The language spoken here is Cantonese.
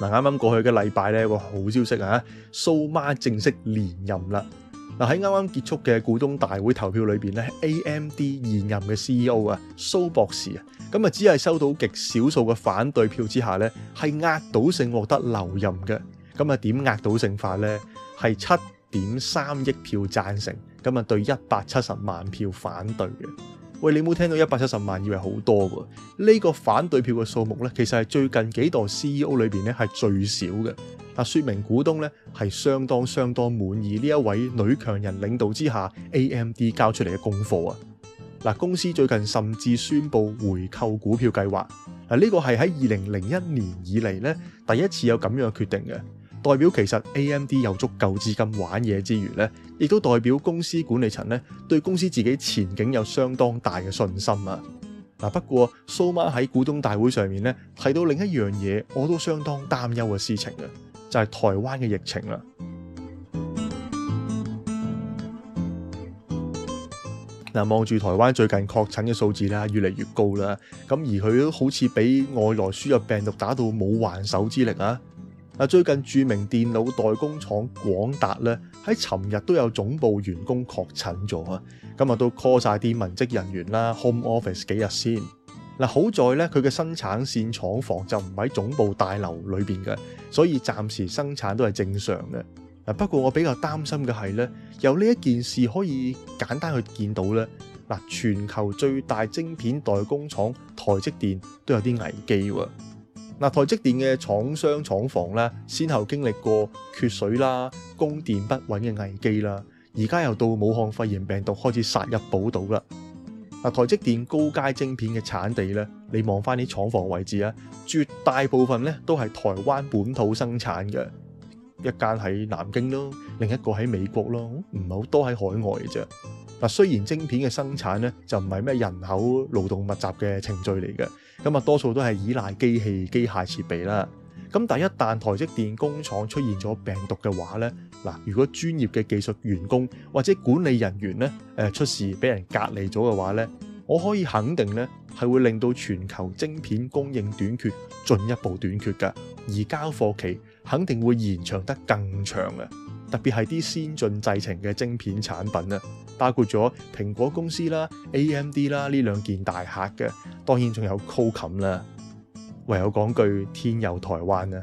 嗱，啱啱過去嘅禮拜咧，有個好消息啊！蘇、so、媽正式連任啦！嗱，喺啱啱結束嘅股東大會投票裏邊咧，AMD 現任嘅 CEO 啊，蘇博士啊，咁啊只係收到極少數嘅反對票之下咧，係壓倒性獲得留任嘅。咁啊點壓倒性法咧？係七點三億票贊成，咁啊對一百七十萬票反對嘅。喂，你冇聽到一百七十萬？以為好多喎，呢個反對票嘅數目咧，其實係最近幾代 CEO 裏邊咧係最少嘅。嗱，説明股東咧係相當相當滿意呢一位女強人領導之下 AMD 交出嚟嘅功課啊！嗱，公司最近甚至宣布回購股票計劃。嗱，呢個係喺二零零一年以嚟咧第一次有咁樣嘅決定嘅。代表其實 AMD 有足夠資金玩嘢之餘呢，亦都代表公司管理層咧對公司自己前景有相當大嘅信心啊！嗱、啊，不過蘇媽喺股東大會上面咧提到另一樣嘢，我都相當擔憂嘅事情啊，就係、是、台灣嘅疫情啦、啊！嗱，望住台灣最近確診嘅數字啦，越嚟越高啦，咁而佢都好似俾外來輸入病毒打到冇還手之力啊！嗱，最近著名電腦代工廠廣，廣達咧，喺尋日都有總部員工確診咗啊，今日都 call 晒啲文職人員啦，home office 幾日先。嗱，好在咧佢嘅生產線廠房就唔喺總部大樓裏邊嘅，所以暫時生產都係正常嘅。嗱，不過我比較擔心嘅係咧，由呢一件事可以簡單去見到咧，嗱，全球最大晶片代工廠台積電都有啲危機喎。嗱，台積電嘅廠商廠房咧，先後經歷過缺水啦、供電不穩嘅危機啦，而家又到武漢肺炎病毒開始殺入寶島啦。嗱，台積電高階晶片嘅產地咧，你望翻啲廠房位置啊，絕大部分咧都係台灣本土生產嘅，一間喺南京咯，另一個喺美國咯，唔係好多喺海外嘅啫。嗱，雖然晶片嘅生產咧就唔係咩人口勞動密集嘅程序嚟嘅。咁啊，多數都係依賴機器、機械設備啦。咁但一旦台積電工廠出現咗病毒嘅話呢，嗱，如果專業嘅技術員工或者管理人員呢誒出事俾人隔離咗嘅話呢，我可以肯定呢係會令到全球晶片供應短缺進一步短缺㗎，而交貨期肯定會延長得更長嘅。特別係啲先進製程嘅晶片產品啦，啊，包括咗蘋果公司啦、AMD 啦呢兩件大客嘅，當然仲有 c o 高通啦，唯有講句天佑台灣啊！」